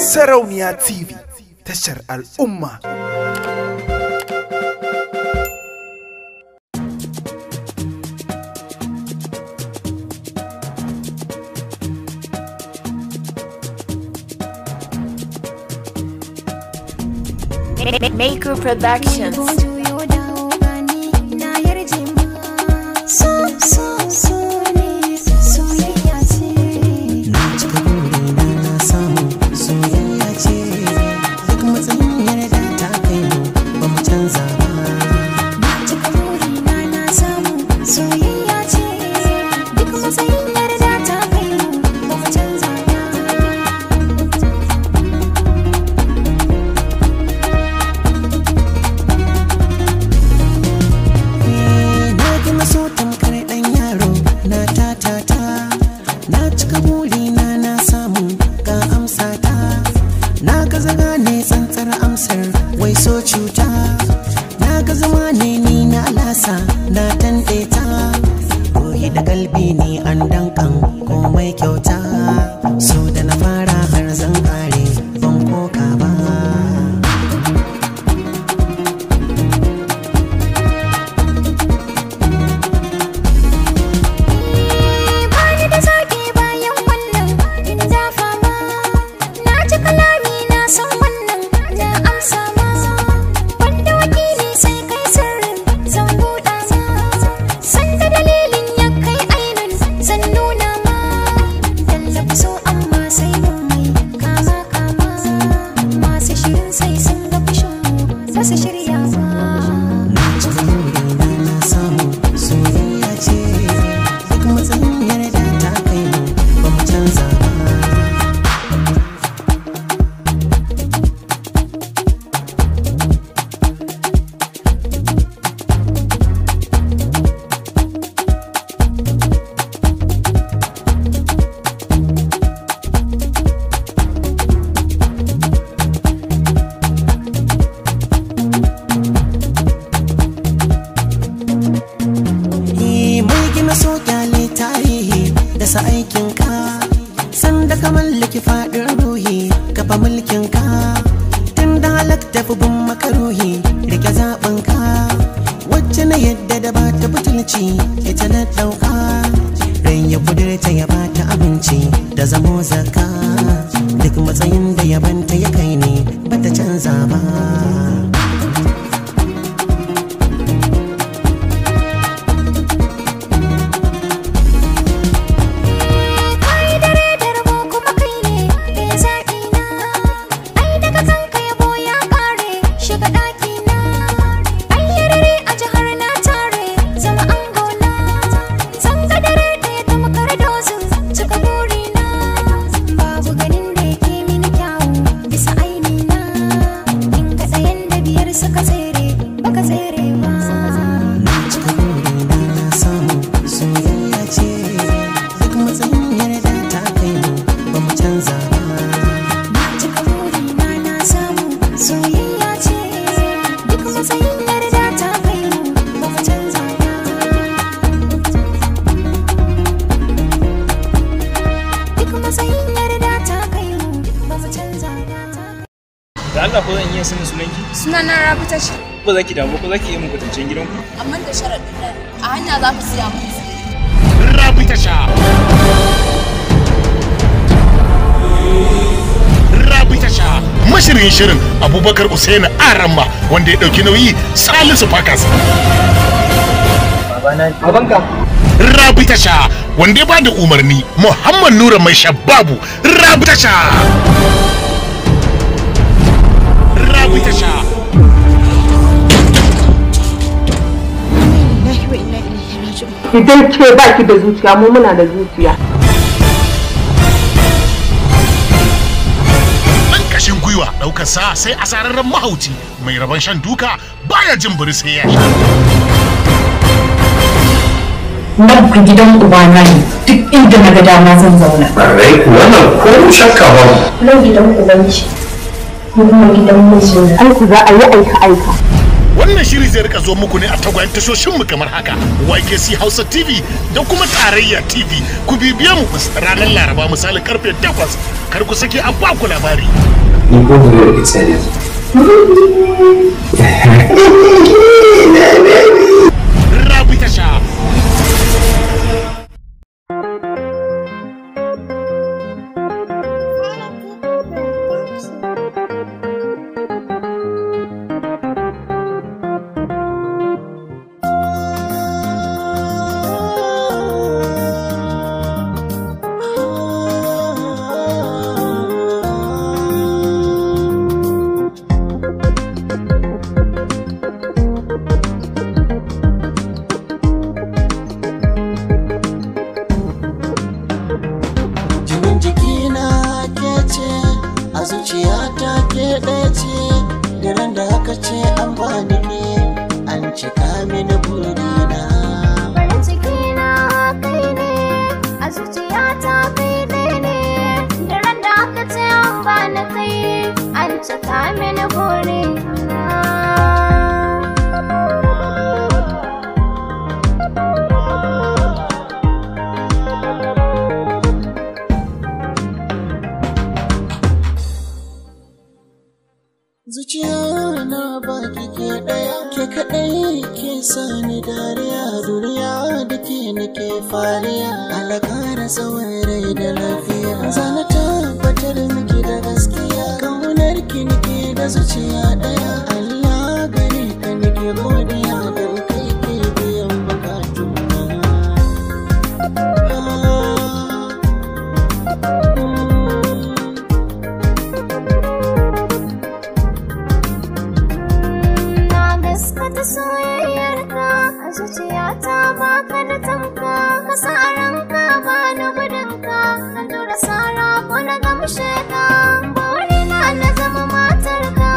Sarauniya TV al Umma Maker Productions. wai so cuta na ga zama ne ni na lasa na tanɗeta koyi da kalbi ne an dankan komai kyauta so ki na so kyale tarihi da sa aikin ka sanda ka mallaki fadin ruhi kafa mulkin ka tun da halak fi bin makaruhi rike zaɓin ka wacce na yadda da ba ta butulci ita na ɗauka ran ya kudurta ya ba ta abinci da zamo zaka da Allah ko zan iya sanin sunanki sunana rabu ta ce ba za ki damu ko za ki yi min kwatancen gidanku amma da sharaɗin da a hanya za ku siya mun rabu ta sha rabu ta sha mashirin shirin abubakar usaini aramma wanda ya ɗauki nauyi salisu fakas babanka rabu ta sha wanda ya bada umarni muhammad nura mai shababu rabu ta sha idan ke baki da zuciya mu muna da zuciya kashin gwiwa ɗaukar sa sai asararren mahauci mai rabon shan duka baya jin buri sai ya sha. Nan ku gidan ubana ne duk inda na ga dama zan zauna. Barrai wannan ko shakka ba. Nan gidan ubanci, kuma gidan mijina. Aiki za a yi aika aika. wannan shiri zai rika zo muku ne a tagwayen tashoshin mu kamar haka YKC Hausa TV da kuma Tarayya TV ku bibiye mu ranar Laraba misali karfe 8 kar ku saki a ku labari. Ni ko da cika mini burina farin ciki na kai ne a zuciyata kai ne ne da ran da aka ce an bani kai an cika mini burina ni nake fariya alakara tsawon rai da lafiya zana tabbatar miki da gaskiya kaunar ki nake da zuciya daya Allah gare ka nake godiya na gudunka zan tura sara ko na gamshe ka burina na zama matarka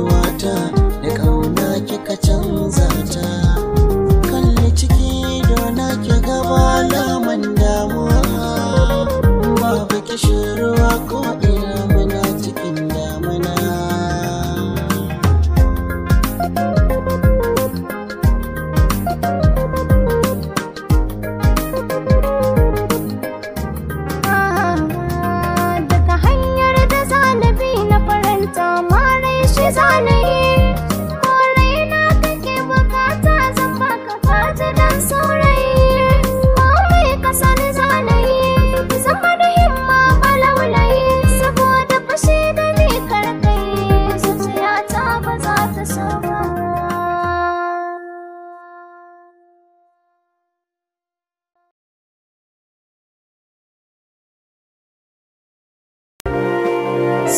rayuwata da ƙauna kika canza ta kalli ciki dona ki gaba laman damuwa babu ki shiru